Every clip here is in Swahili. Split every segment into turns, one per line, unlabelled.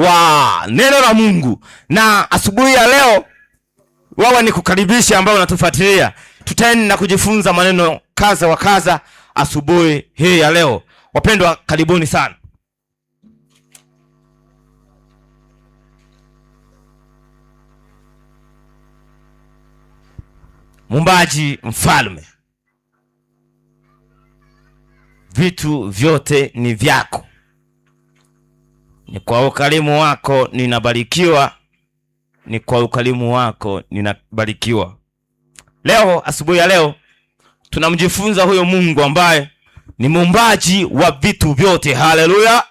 wa neno la Mungu. Na asubuhi ya leo, wawa ni kukaribisha ambao unatufuatilia, tutaenda kujifunza maneno kaza wa kaza asubuhi hii ya leo. Wapendwa, karibuni sana. Mumbaji mfalme, vitu vyote ni vyako. Ni kwa ukarimu wako ninabarikiwa, ni kwa ukarimu wako ninabarikiwa. Leo asubuhi ya leo tunamjifunza huyo Mungu ambaye ni muumbaji wa vitu vyote. Haleluya,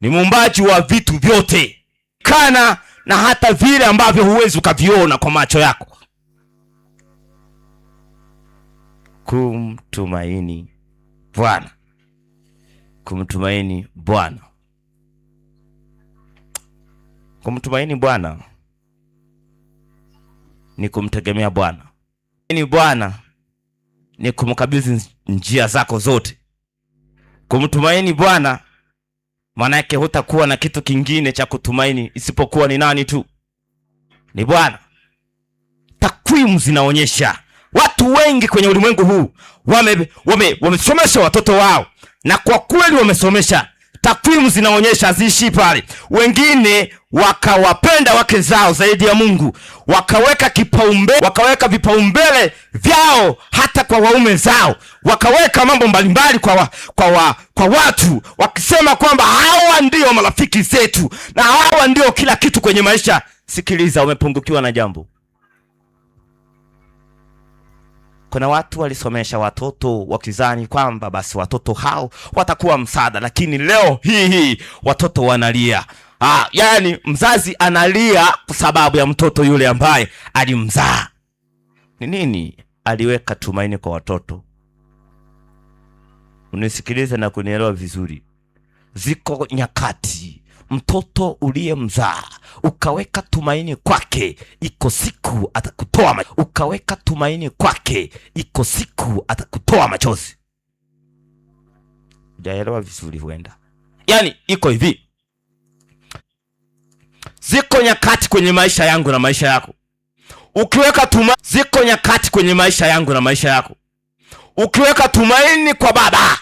ni muumbaji wa vitu vyote, kana na hata vile ambavyo huwezi ukaviona kwa macho yako. Kumtumaini Bwana, kumtumaini Bwana. Kumtumaini Bwana ni kumtegemea Bwana. Ni Bwana ni kumkabidhi njia zako zote. Kumtumaini Bwana maana yake hutakuwa na kitu kingine cha kutumaini isipokuwa ni nani tu? Ni Bwana. Takwimu zinaonyesha watu wengi kwenye ulimwengu huu wame wamesomesha wame watoto wao, na kwa kweli wamesomesha takwimu zinaonyesha haziishii pale. Wengine wakawapenda wake zao zaidi ya Mungu, wakaweka kipaumbele, wakaweka vipaumbele vyao hata kwa waume zao, wakaweka mambo mbalimbali kwa, wa, kwa, wa, kwa watu wakisema kwamba hawa ndio marafiki zetu na hawa ndio kila kitu kwenye maisha. Sikiliza, umepungukiwa na jambo. Kuna watu walisomesha watoto wakizani kwamba basi watoto hao watakuwa msaada, lakini leo hii hii watoto wanalia. Ah, yani mzazi analia kwa sababu ya mtoto yule ambaye alimzaa. Ni nini aliweka tumaini kwa watoto? Unisikilize na kunielewa vizuri, ziko nyakati mtoto uliyemzaa ukaweka tumaini kwake, iko siku atakutoa machozi. Ukaweka tumaini kwake, iko siku atakutoa machozi. Ujaelewa vizuri, huenda yani iko hivi. Ziko nyakati kwenye maisha yangu na maisha yako ukiweka tuma... ziko nyakati kwenye maisha yangu na maisha yako ukiweka tumaini kwa baba,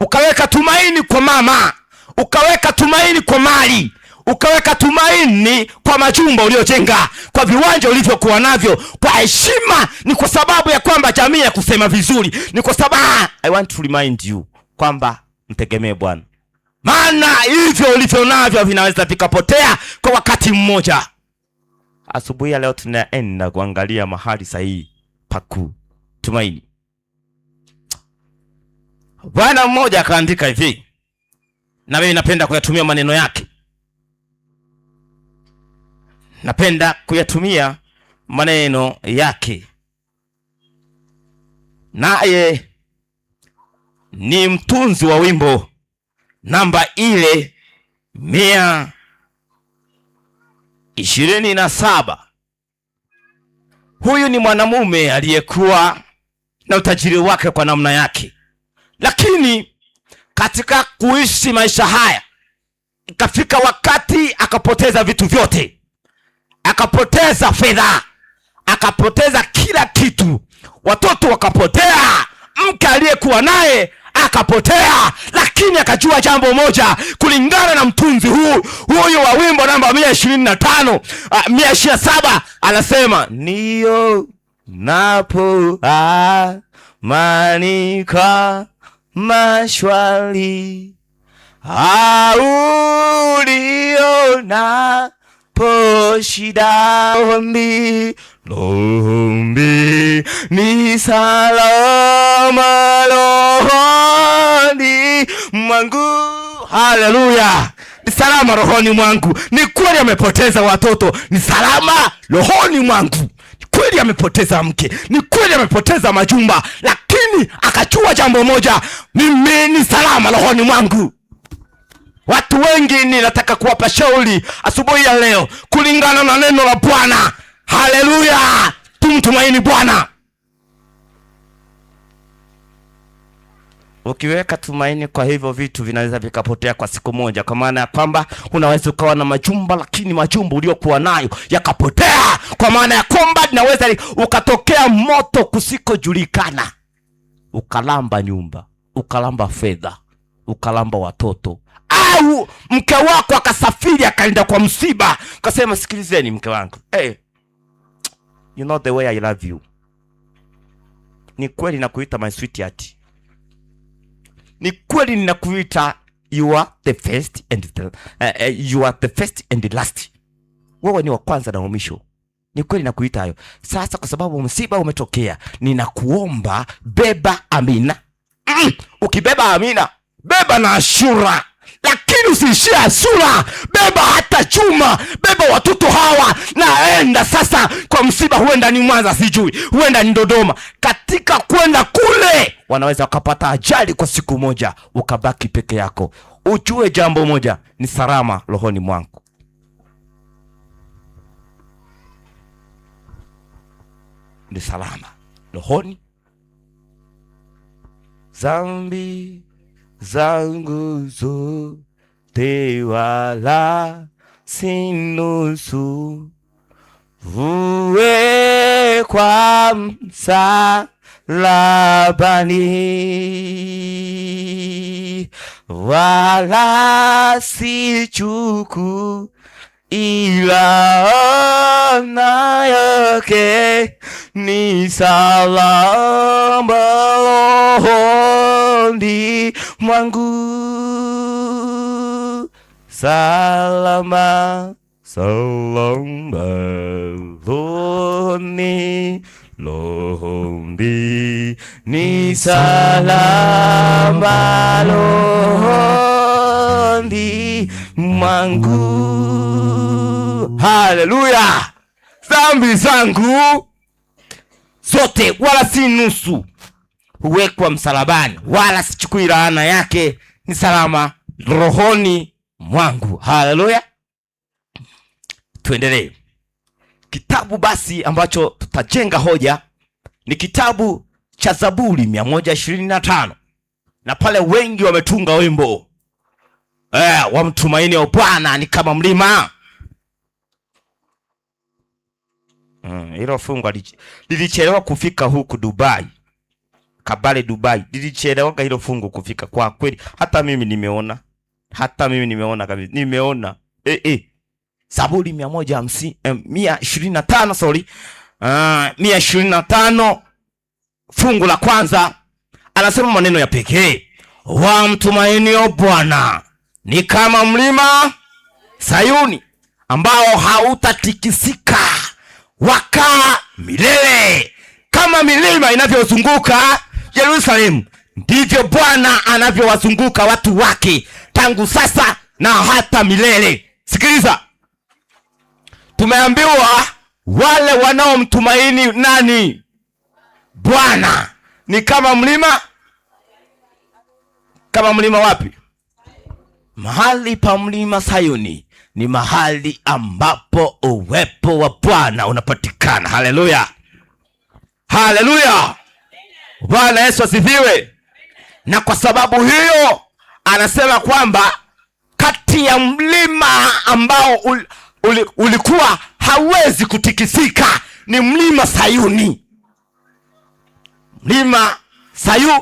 ukaweka tumaini kwa mama ukaweka tumaini kwa mali, ukaweka tumaini kwa majumba uliojenga, kwa viwanja ulivyokuwa navyo, kwa heshima. Ni kwa sababu ya kwamba jamii ya kusema vizuri, ni kwa sababu I want to remind you kwamba mtegemee Bwana, maana hivyo ulivyo navyo vinaweza vikapotea kwa wakati mmoja. Asubuhi ya leo tunaenda kuangalia mahali sahihi paku tumaini. Bwana mmoja akaandika hivi na mimi napenda kuyatumia maneno yake, napenda kuyatumia maneno yake. Naye ni mtunzi wa wimbo namba ile mia ishirini na saba. Huyu ni mwanamume aliyekuwa na utajiri wake kwa namna yake, lakini katika kuishi maisha haya. Ikafika wakati akapoteza vitu vyote, akapoteza fedha, akapoteza kila kitu, watoto wakapotea, mke aliyekuwa naye akapotea, lakini akajua jambo moja, kulingana na mtunzi huu huyu wa wimbo namba mia ishirini na tano ah, mia ishiri na saba anasema niyo napo amanika ah, mashwali auliona poshida ombi lombi ni salama rohoni mwangu. Haleluya, ni salama rohoni mwangu. Ni kweli amepoteza watoto, ni salama rohoni mwangu. Ni kweli amepoteza mke, ni kweli amepoteza majumba, lakini lakini akachua jambo moja, mimi ni salama rohoni mwangu. Watu wengi ninataka kuwapa shauri asubuhi ya leo kulingana na neno la Bwana. Haleluya, tumtumaini Bwana. Ukiweka tumaini kwa hivyo vitu vinaweza vikapotea kwa siku moja, kwa maana ya kwamba unaweza ukawa na majumba, lakini majumba uliokuwa nayo yakapotea, kwa maana ya kwamba inaweza ukatokea moto kusikojulikana ukalamba nyumba, ukalamba fedha, ukalamba watoto, au mke wako akasafiri akaenda kwa msiba, kasema sikilizeni, mke wangu hey, eh, you know the way I love you. Ni kweli nakuita my sweetheart, ni kweli ninakuita you are the first and the, uh, you are the first and the last. Wewe ni wa kwanza na wa mwisho ni kweli nakuita hayo. Sasa kwa sababu msiba umetokea, ninakuomba beba Amina. Mm, ukibeba Amina, beba na Ashura, lakini usiishie Ashura, beba hata Juma, beba watoto hawa. Naenda sasa kwa msiba, huenda ni Mwanza, sijui, huenda ni Dodoma. Katika kwenda kule, wanaweza wakapata ajali kwa siku moja, ukabaki peke yako. Ujue jambo moja, ni salama rohoni mwangu. ni salama rohoni. Zambi zangu zote wala sinusu vue kwa msalabani, wala sichuku Ilana yake ni salama rohoni mwangu, salama salama rohoni rohoni ni salama rohoni mwangu. Haleluya! dhambi zangu zote, wala si nusu, huwekwa msalabani, wala sichukui laana yake, ni salama rohoni mwangu. Haleluya! Tuendelee. Kitabu basi ambacho tutajenga hoja ni kitabu cha Zaburi 125 na pale wengi wametunga wimbo Eh, wa mtumaini wa Bwana ni kama mlima. Hmm, hilo mm, fungu lilichelewa kufika huku Dubai, Kabale Dubai, lilichelewa hilo fungu kufika kwa kweli. Hata mimi nimeona, hata mimi nimeona kabisa, nimeona eh, eh. Zaburi mia moja hamsini eh, mia ishirini na tano sorry, uh, mia ishirini na tano fungu la kwanza anasema maneno ya pekee, wa wamtumainio Bwana ni kama mlima Sayuni ambao hautatikisika waka milele. Kama milima inavyozunguka Yerusalemu, ndivyo Bwana anavyowazunguka watu wake tangu sasa na hata milele. Sikiliza, tumeambiwa wale wanaomtumaini nani? Bwana ni kama mlima, kama mlima wapi? Mahali pa mlima Sayuni ni mahali ambapo uwepo wa Bwana unapatikana. Haleluya, haleluya! Bwana Yesu asifiwe. Na kwa sababu hiyo anasema kwamba kati ya mlima ambao ul, ul, ulikuwa hawezi kutikisika ni mlima Sayuni, mlima sayu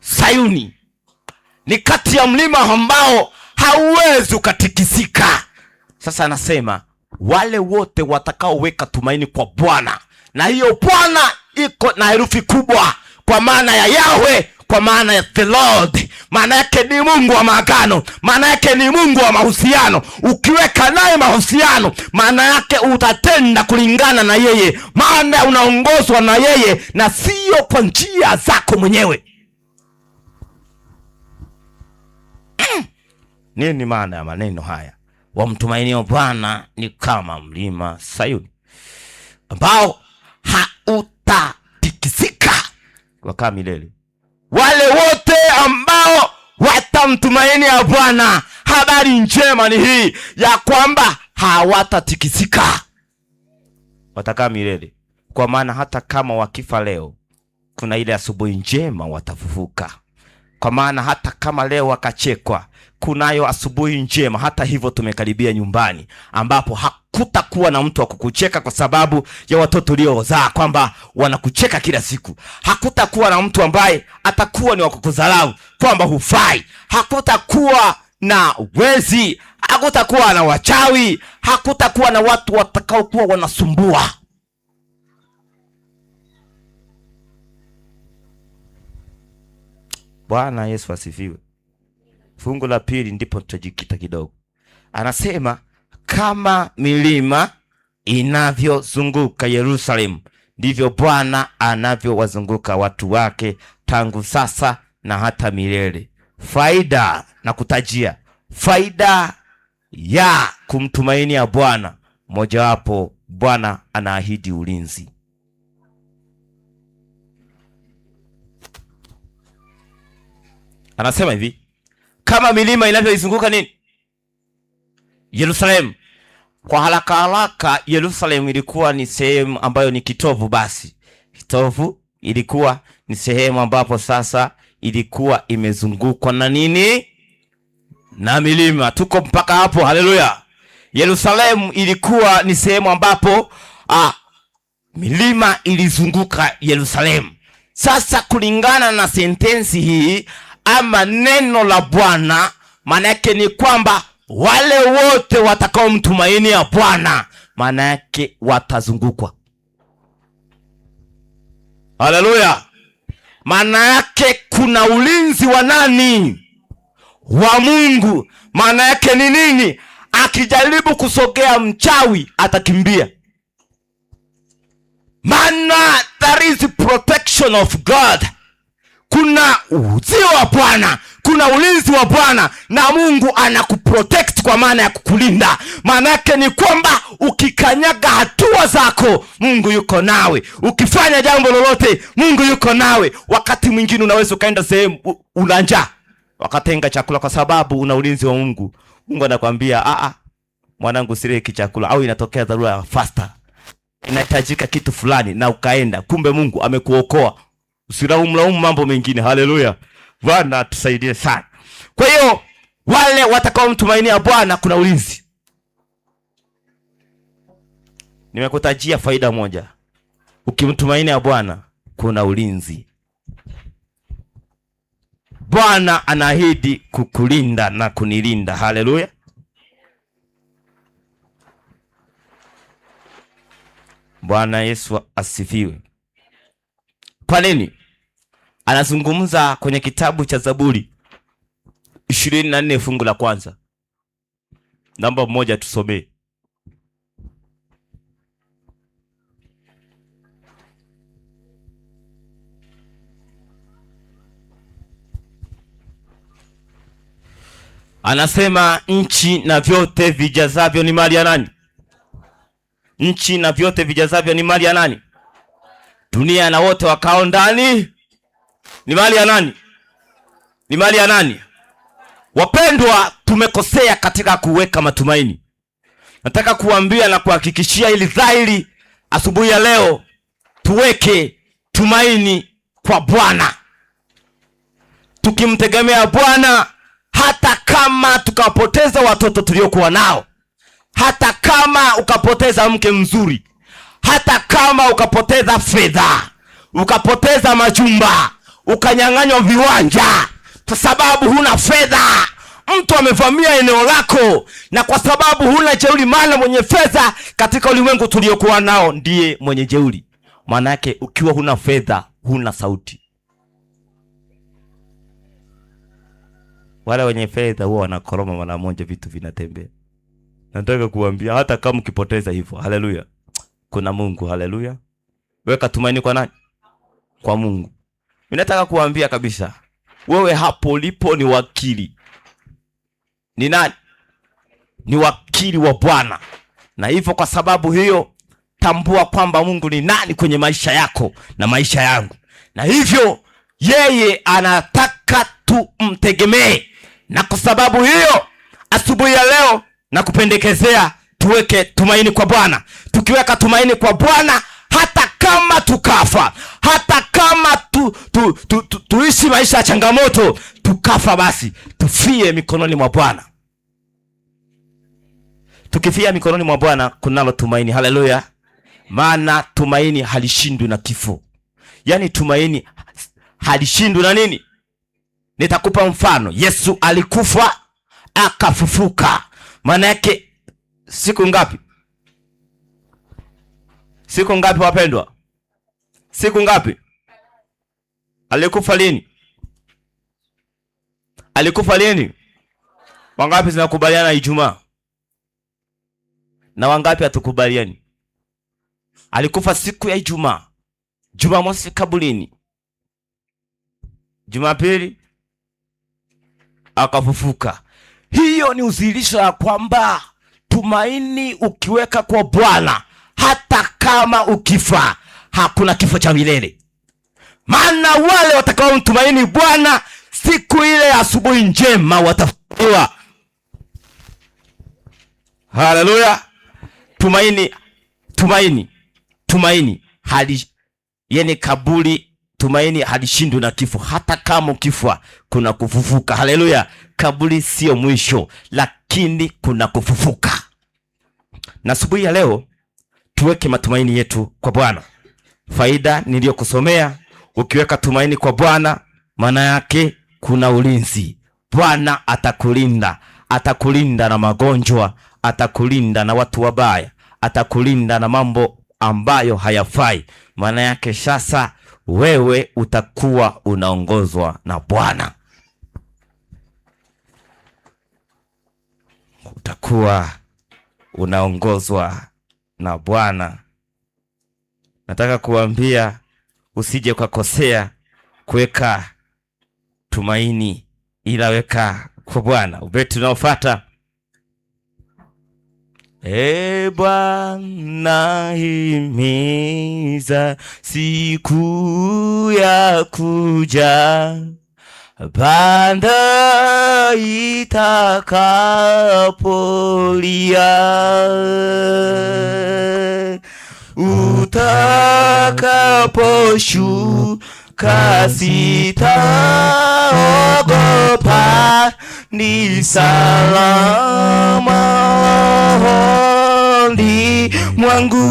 Sayuni ni kati ya mlima ambao hauwezi ukatikisika. Sasa anasema wale wote watakaoweka tumaini kwa Bwana, na hiyo Bwana iko na herufi kubwa, kwa maana ya yawe kwa maana ya the Lord, maana yake ni Mungu wa maagano, maana yake ni Mungu wa mahusiano. Ukiweka naye mahusiano, maana yake utatenda kulingana na yeye, maana unaongozwa na yeye na siyo kwa njia zako mwenyewe. Nini maana ya maneno haya? Wamtumainio Bwana ni kama mlima Sayuni ambao hautatikisika, wakaa milele. Wale wote ambao watamtumainia Bwana, habari njema ni hii ya kwamba hawatatikisika, watakaa milele, kwa maana hata kama wakifa leo, kuna ile asubuhi njema watafufuka. Kwa maana hata kama leo wakachekwa, kunayo asubuhi njema. Hata hivyo tumekaribia nyumbani ambapo hakutakuwa na mtu wa kukucheka kwa sababu ya watoto uliozaa, kwamba wanakucheka kila siku. Hakutakuwa na mtu ambaye atakuwa ni wa kukudharau kwamba hufai. Hakutakuwa na wezi, hakutakuwa na wachawi, hakutakuwa na watu watakaokuwa wanasumbua Bwana Yesu asifiwe. Fungu la pili ndipo tutajikita kidogo. Anasema kama milima inavyozunguka Yerusalemu, ndivyo Bwana anavyowazunguka watu wake tangu sasa na hata milele. Faida na kutajia faida ya kumtumainia Bwana, mojawapo Bwana anaahidi ulinzi. Anasema hivi, kama milima inavyoizunguka nini Yerusalemu. Kwa haraka haraka, Yerusalemu ilikuwa ni sehemu ambayo ni kitovu. Basi kitovu ilikuwa ni sehemu ambapo sasa ilikuwa imezungukwa na nini? Na milima. Tuko mpaka hapo, haleluya. Yerusalemu ilikuwa ni sehemu ambapo ah, milima ilizunguka Yerusalemu. Sasa kulingana na sentensi hii ama neno la Bwana, maana yake ni kwamba wale wote watakaomtumaini ya Bwana maana yake watazungukwa. Haleluya! maana yake kuna ulinzi wa nani? Wa Mungu. Maana yake ni nini? Akijaribu kusogea mchawi atakimbia, maana there is protection of God kuna uzio wa Bwana, kuna ulinzi wa Bwana na Mungu anakuprotect kwa maana ya kukulinda. Maana yake ni kwamba ukikanyaga hatua zako, Mungu yuko nawe. Ukifanya jambo lolote, Mungu yuko nawe. Wakati mwingine unaweza ukaenda sehemu unanja wakatenga chakula kwa sababu una ulinzi wa Mungu. Mungu anakwambia ah, ah, mwanangu, sireki chakula, au inatokea dharura fasta, inahitajika kitu fulani na ukaenda, kumbe Mungu amekuokoa. Usilaumu mambo mengine. Haleluya, Bwana tusaidie sana. Kwa hiyo wale watakaomtumainia Bwana kuna ulinzi. Nimekutajia faida moja, ukimtumainia Bwana kuna ulinzi. Bwana anaahidi kukulinda na kunilinda. Haleluya. Bwana Yesu asifiwe. Paneni anazungumza kwenye kitabu cha Zaburi ishirini na nne fungu la kwanza namba moja, tusomee Anasema nchi na vyote vijazavyo ni mali ya nani? Nchi na vyote vijazavyo ni mali ya nani? dunia na wote wakao ndani ni mali ya nani? Ni mali ya nani? Wapendwa, tumekosea katika kuweka matumaini. Nataka kuambia na kuhakikishia hili dhahiri asubuhi ya leo, tuweke tumaini kwa Bwana. Tukimtegemea Bwana, hata kama tukapoteza watoto tuliokuwa nao, hata kama ukapoteza mke mzuri hata kama ukapoteza fedha, ukapoteza majumba, ukanyang'anywa viwanja, kwa sababu huna fedha. Mtu amevamia eneo lako, na kwa sababu huna jeuri, maana mwenye fedha katika ulimwengu tuliokuwa nao ndiye mwenye jeuri. Maana yake ukiwa huna fedha, huna sauti. Wale wenye fedha huwa wanakoroma mara moja, vitu vinatembea. Nataka kuambia hata kama ukipoteza hivyo, haleluya kuna Mungu. Haleluya! Weka tumaini kwa nani? Kwa Mungu. Ninataka kuambia kabisa, wewe hapo ulipo ni wakili. Ni nani? Ni wakili wa Bwana, na hivyo kwa sababu hiyo tambua kwamba Mungu ni nani kwenye maisha yako na maisha yangu, na hivyo yeye anataka tumtegemee, na kwa sababu hiyo asubuhi ya leo nakupendekezea tuweke tumaini kwa Bwana. Tukiweka tumaini kwa Bwana, hata kama tukafa, hata kama tu, tu, tu, tu, tuishi maisha ya changamoto, tukafa, basi tufie mikononi mwa Bwana. Tukifia mikononi mwa Bwana kunalo tumaini. Haleluya! Maana tumaini halishindwi na kifo. Yaani tumaini halishindwi na nini? Nitakupa mfano. Yesu alikufa akafufuka, maana yake siku ngapi? Siku ngapi wapendwa? Siku ngapi? Alikufa lini? Alikufa lini? Wangapi zinakubaliana Ijumaa? Na wangapi hatukubaliani? Alikufa siku ya Ijumaa. Jumamosi kabulini. Jumapili akafufuka. Hiyo ni udhihirisho ya kwamba tumaini ukiweka kwa Bwana, hata kama ukifa, hakuna kifo cha milele. Maana wale watakaomtumaini Bwana, siku ile asubuhi njema watafuliwa Haleluya! Tumaini, tumaini, tumaini hali yeni kaburi. Tumaini halishindwi na kifo, hata kama ukifa kuna kufufuka. Haleluya! kaburi sio mwisho, lakini kuna kufufuka. Na asubuhi ya leo tuweke matumaini yetu kwa Bwana. Faida niliyokusomea, ukiweka tumaini kwa Bwana, maana yake kuna ulinzi. Bwana atakulinda, atakulinda na magonjwa, atakulinda na watu wabaya, atakulinda na mambo ambayo hayafai. Maana yake sasa wewe utakuwa unaongozwa na Bwana. utakuwa unaongozwa na Bwana. Nataka kuambia usije ukakosea kuweka tumaini, ila weka kwa Bwana. Ubeti unaofuata E Bwana, himiza siku ya kuja panda itakapolia, utakaposhuka sitaogopa, ni salama hodi mwangu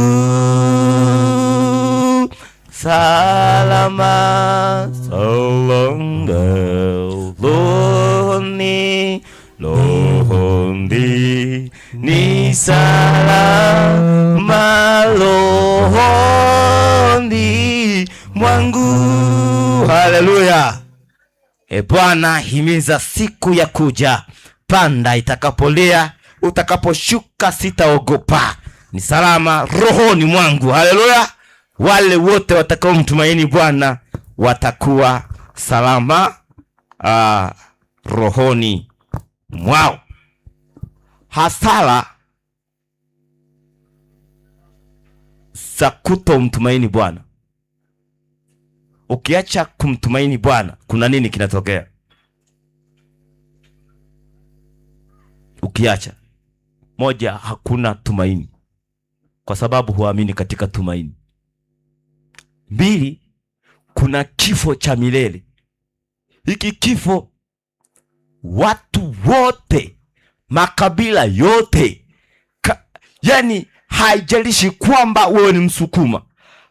salama salonga lohoni lohondi ni salama lohoni mwangu. Haleluya! E Bwana, himiza siku ya kuja. Panda itakapolia, utakaposhuka sitaogopa, ni salama rohoni mwangu. Haleluya! wale wote mtumaini Bwana watakuwa salama uh, rohoni mwao. Hasara za kuto mtumaini Bwana. Ukiacha kumtumaini Bwana, kuna nini kinatokea? Ukiacha moja, hakuna tumaini, kwa sababu huamini katika tumaini. Mbili, kuna kifo cha milele. Hiki kifo watu wote, makabila yote ka, yani haijalishi kwamba wewe ni Msukuma,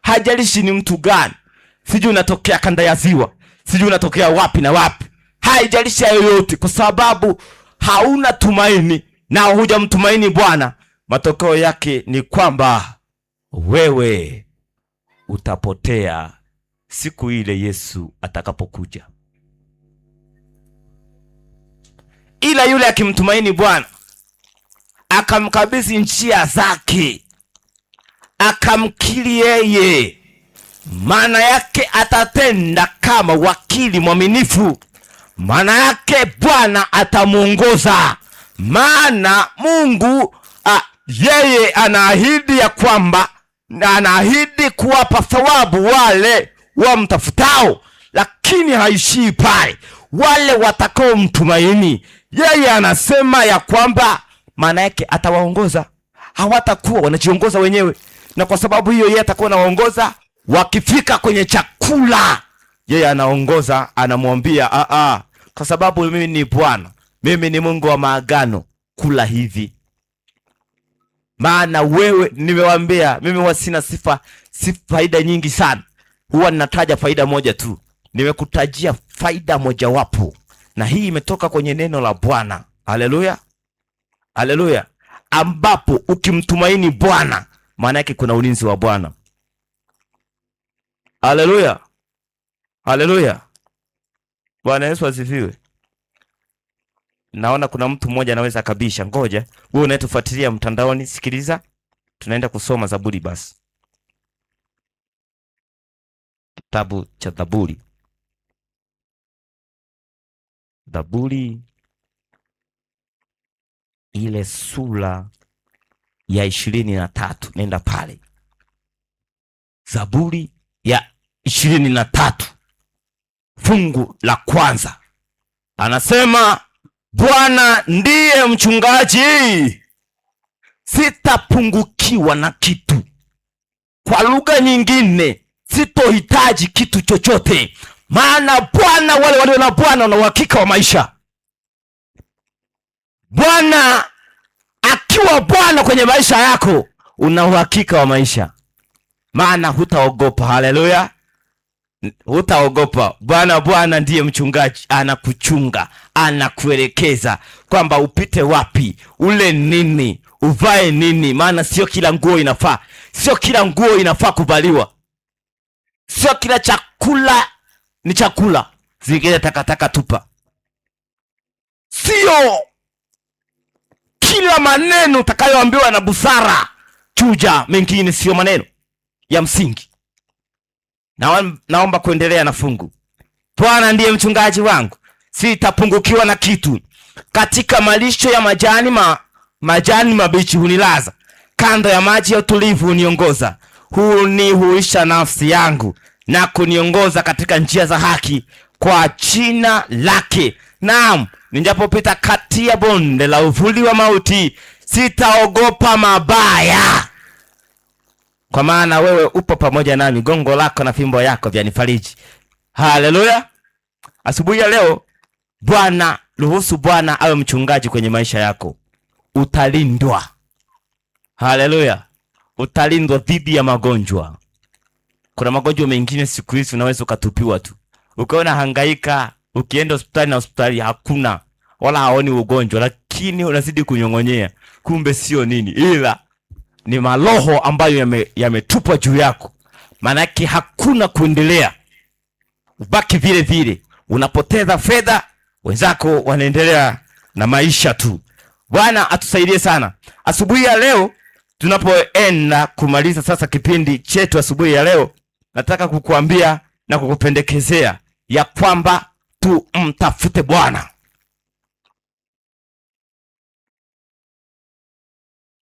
haijalishi ni mtu gani, sijui unatokea kanda ya Ziwa, sijui unatokea wapi na wapi, haijalishi yoyote, kwa sababu hauna tumaini na hujamtumaini Bwana, matokeo yake ni kwamba wewe utapotea siku ile Yesu atakapokuja. Ila yule akimtumaini Bwana akamkabidhi njia zake, akamkiri yeye, maana yake atatenda kama wakili mwaminifu. Maana yake Bwana atamwongoza, maana Mungu a, ah, yeye anaahidi ya kwamba na anaahidi kuwapa thawabu wale wamtafutao, lakini haishii pale, wale watakao mtumaini yeye. Anasema ya kwamba maana yake atawaongoza, hawatakuwa wanajiongoza wenyewe, na kwa sababu hiyo yeye atakuwa anawaongoza. Wakifika kwenye chakula, yeye anaongoza, anamwambia a ah, a, ah, kwa sababu mimi ni Bwana, mimi ni Mungu wa maagano, kula hivi maana wewe, nimewambia mimi huwa sina sifa, si faida nyingi sana, huwa ninataja faida moja tu. Nimekutajia faida mojawapo, na hii imetoka kwenye neno la Bwana. Haleluya, haleluya, ambapo ukimtumaini Bwana maana yake kuna ulinzi wa Bwana. Haleluya, haleluya, Bwana Yesu asifiwe naona kuna mtu mmoja anaweza kabisha. Ngoja wewe unayetufuatilia mtandaoni, sikiliza, tunaenda kusoma Zaburi basi, kitabu cha Zaburi, Zaburi ile sura ya ishirini na tatu. Nenda pale Zaburi ya ishirini na tatu fungu la kwanza, anasema Bwana ndiye mchungaji, sitapungukiwa na kitu. Kwa lugha nyingine, sitohitaji kitu chochote, maana Bwana, wale walio na Bwana wana uhakika wa maisha. Bwana akiwa Bwana kwenye maisha yako, una uhakika wa maisha, maana hutaogopa. Haleluya! hutaogopa. Bwana Bwana ndiye mchungaji, anakuchunga, anakuelekeza kwamba upite wapi, ule nini, uvae nini, maana sio kila nguo inafaa, sio kila nguo inafaa kuvaliwa, sio kila chakula ni chakula, zingine takataka tupa, sio kila maneno utakayoambiwa na busara, chuja mengine, sio maneno ya msingi na naomba kuendelea na fungu. Bwana ndiye mchungaji wangu, sitapungukiwa na kitu. Katika malisho ya majani ma, majani mabichi hunilaza, kando ya maji ya utulivu huniongoza. Hunihuisha nafsi yangu na kuniongoza katika njia za haki kwa jina lake. Naam, nijapopita kati ya bonde la uvuli wa mauti, sitaogopa mabaya kwa maana wewe upo pamoja nami, gongo lako na fimbo yako vyanifariji. Haleluya! Asubuhi ya leo, Bwana ruhusu Bwana awe mchungaji kwenye maisha yako, utalindwa. Haleluya! Utalindwa dhidi ya magonjwa. Kuna magonjwa mengine siku hizi unaweza ukatupiwa tu, ukaona hangaika, ukienda hospitali na hospitali hakuna wala haoni ugonjwa, lakini unazidi kunyong'onyea, kumbe sio nini, ila ni maroho ambayo yametupwa yame juu yako, maanake hakuna kuendelea, ubaki vile vile, unapoteza fedha, wenzako wanaendelea na maisha tu. Bwana atusaidie sana. Asubuhi ya leo tunapoenda kumaliza sasa kipindi chetu asubuhi ya leo, nataka kukuambia na kukupendekezea ya kwamba tumtafute Bwana,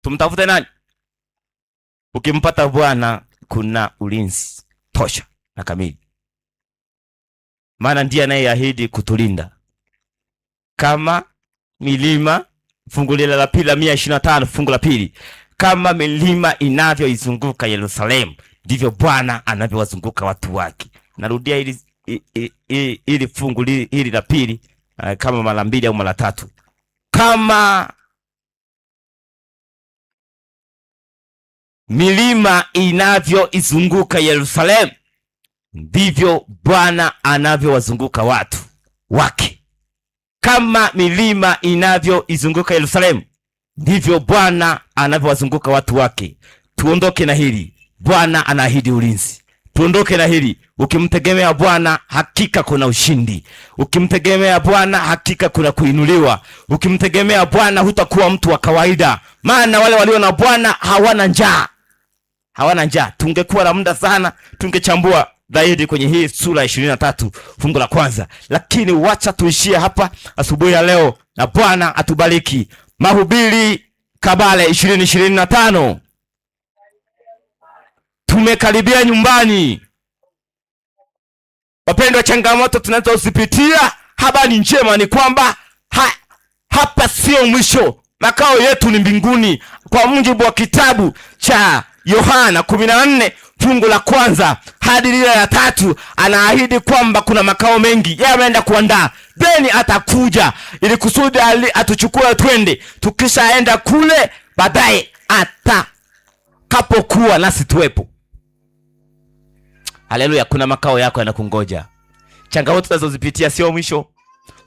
tumtafute nani? Ukimpata Bwana kuna ulinzi tosha na kamili, maana ndiye anayeahidi kutulinda kama milima. Fungu lile la pili la mia ishirini na tano fungu la pili, kama milima inavyoizunguka Yerusalemu ndivyo Bwana anavyowazunguka watu wake. Narudia ili, ili, fungu hili la pili eh, kama mara mbili au mara tatu. Kama milima inavyoizunguka Yerusalemu, ndivyo Bwana anavyowazunguka watu wake. Kama milima inavyoizunguka Yerusalemu, ndivyo Bwana anavyowazunguka watu wake. Tuondoke na hili, Bwana anaahidi ulinzi. Tuondoke na hili, ukimtegemea Bwana hakika kuna ushindi. Ukimtegemea Bwana hakika kuna kuinuliwa. Ukimtegemea Bwana hutakuwa mtu wa kawaida, maana wale walio na Bwana hawana njaa, hawana njaa. Tungekuwa na muda sana, tungechambua zaidi kwenye hii sura ishirini na tatu fungu la kwanza, lakini wacha tuishie hapa asubuhi ya leo, na Bwana atubariki. Mahubiri Kabale ishirini ishirini na tano. Tumekaribia nyumbani, wapendwa. Changamoto tunazozipitia habari njema ni kwamba ha, hapa sio mwisho. Makao yetu ni mbinguni kwa mujibu wa kitabu cha Yohana 14 fungu la kwanza hadi lile la tatu anaahidi kwamba kuna makao mengi, yeye ameenda kuandaa, then atakuja ili kusudi atuchukue twende. Tukishaenda kule baadaye, atakapokuwa nasi tuwepo. Haleluya! kuna makao yako yanakungoja. Changamoto zinazozipitia sio mwisho.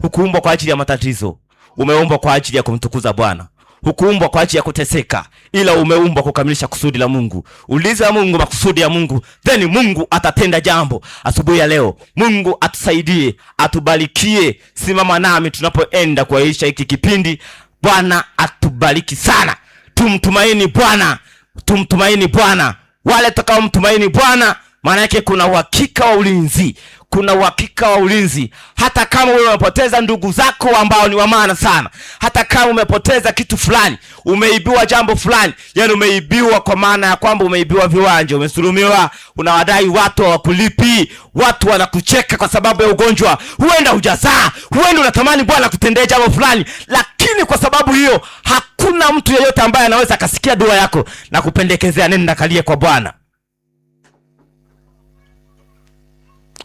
Hukuumbwa kwa ajili ya matatizo, umeumbwa kwa ajili ya kumtukuza Bwana hukuumbwa kwa ajili ya kuteseka, ila umeumbwa kukamilisha kusudi la Mungu. Uliza Mungu makusudi ya Mungu, then Mungu atatenda jambo. Asubuhi ya leo, Mungu atusaidie, atubarikie. Simama nami tunapoenda kuaisha hiki kipindi. Bwana atubariki sana. Tumtumaini Bwana, tumtumaini Bwana. Wale tutakaomtumaini Bwana, maana yake kuna uhakika wa ulinzi kuna uhakika wa ulinzi, hata kama wewe umepoteza ndugu zako ambao ni wa maana sana, hata kama umepoteza kitu fulani, umeibiwa jambo fulani, yani umeibiwa kwa maana ya kwamba umeibiwa viwanja, umesulumiwa, unawadai watu, hawakulipi, watu wanakucheka kwa sababu ya ugonjwa, huenda hujazaa, huenda unatamani Bwana kutendea jambo fulani, lakini kwa sababu hiyo hakuna mtu yeyote ambaye anaweza akasikia dua yako na kupendekezea, nenda kalie kwa Bwana.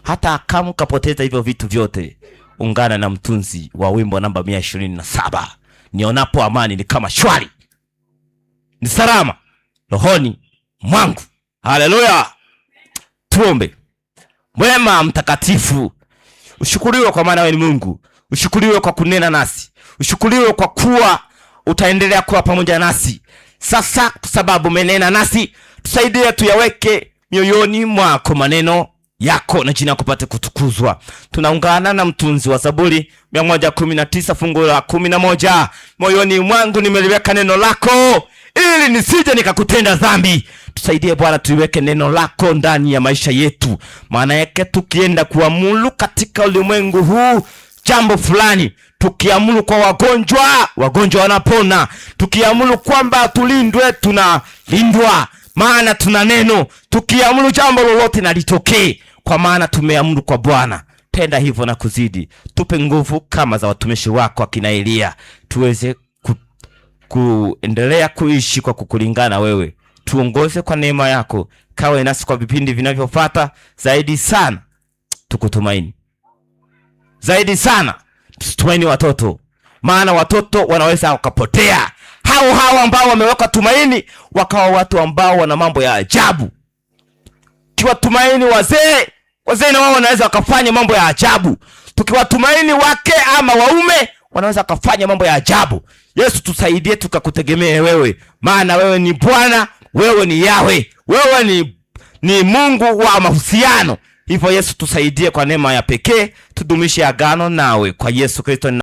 hata akamu kapoteza hivyo vitu vyote. Ungana na mtunzi wa wimbo namba mia ishirini na saba nionapo amani ni kama shwari, ni salama rohoni mwangu. Haleluya, tuombe. Mwema mtakatifu, ushukuriwe kwa maana wewe ni Mungu, ushukuriwe kwa kunena nasi, ushukuriwe kwa kuwa utaendelea kuwa pamoja nasi sasa, kwa sababu umenena nasi. Tusaidie tuyaweke mioyoni mwako maneno yako na jina kupate kutukuzwa. Tunaungana na mtunzi wa Zaburi 119 fungu la 11, moyoni mwangu nimeliweka neno lako ili nisije nikakutenda dhambi. Tusaidie Bwana, tuiweke neno lako ndani ya maisha yetu, maana yake tukienda kuamulu katika ulimwengu huu jambo fulani tukiamuru kwa wagonjwa, wagonjwa wanapona. Tukiamuru kwamba tulindwe, tunalindwa maana tuna neno, tukiamuru jambo lolote na litokee, kwa maana tumeamuru kwa Bwana. Tenda hivyo na kuzidi, tupe nguvu kama za watumishi wako akina Elia, tuweze ku, kuendelea kuishi kwa kukulingana wewe. Tuongoze kwa neema yako, kawe nasi kwa vipindi vinavyofuata zaidi sana, tukutumaini zaidi sana, tusitumaini watoto, maana watoto wanaweza wakapotea hao hao ambao wameweka tumaini wakawa watu ambao wana mambo ya ajabu. Tukiwatumaini wazee, wazee na wao wanaweza wakafanya mambo ya ajabu. Tukiwatumaini wake ama waume, wanaweza wakafanya mambo ya ajabu. Yesu, tusaidie tukakutegemee wewe, maana wewe ni Bwana, wewe ni Yawe, wewe ni, ni Mungu wa mahusiano. Hivyo Yesu, tusaidie kwa neema ya pekee, tudumishe agano nawe kwa Yesu Kristo.